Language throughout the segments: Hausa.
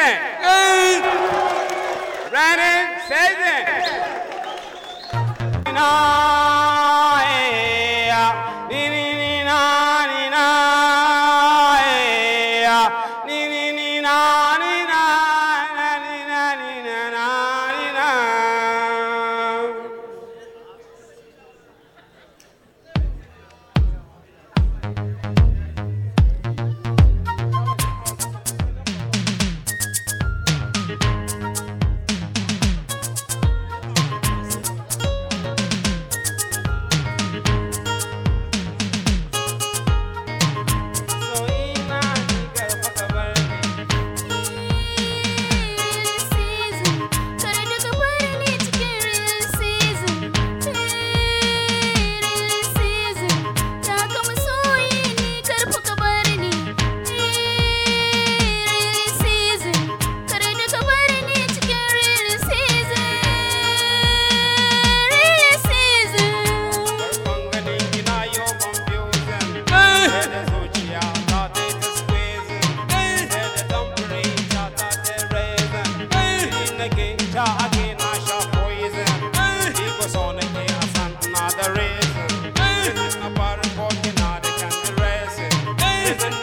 Seyde. Ready, Seyde.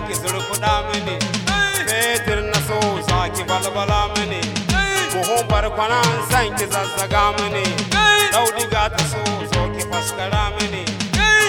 ki zurfuɗa mini fetur na so za ki balbala mini buhun barkwanan san ki zazzaga mini daudiga ta so zo ki faskara mini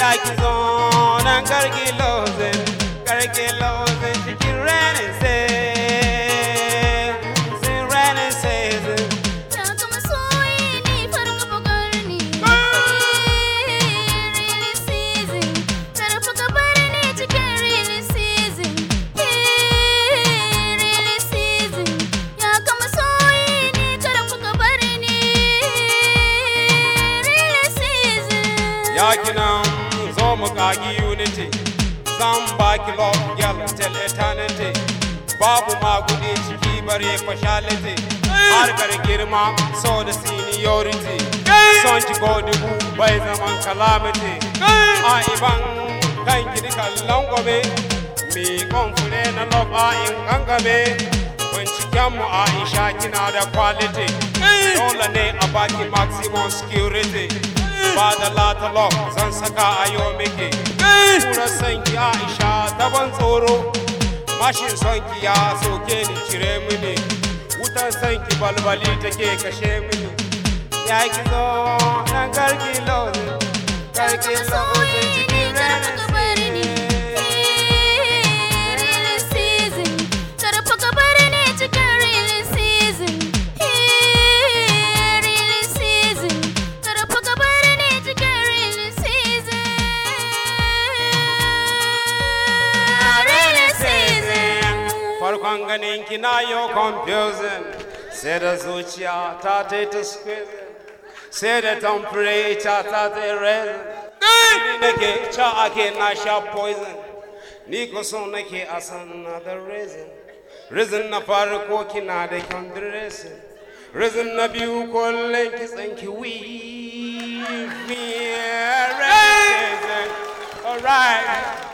ya ki zo nan karki lozin karki lozin cikin renin sai baki now, zo mu kagi unity. zamba baki love yell till eternity. Babu magudi ciki bare fashality. Harkar girma so the seniority. Son ki godibu bai zaman calamity. A iban kan ki kallon gobe. Me kon fure love a in gangabe. mu Aisha kina da quality. Dole ne a baki maximum security. ba da latalok zan saka a yau muke kura sanki aisha ta ban tsoro mashin sanki ya soke ni cire mini wutan sanki balbali take kashe mini ya ki zo nan garki lozin garki kwanga ninkinayo confusing seda zuciya ta ta ta squeezing seda Said ta ta raising ni nake ca ake na sha poison ni so nake a san reason reason na farko kina da kyan dressing reason na biyu kullum ki tsanki we All right.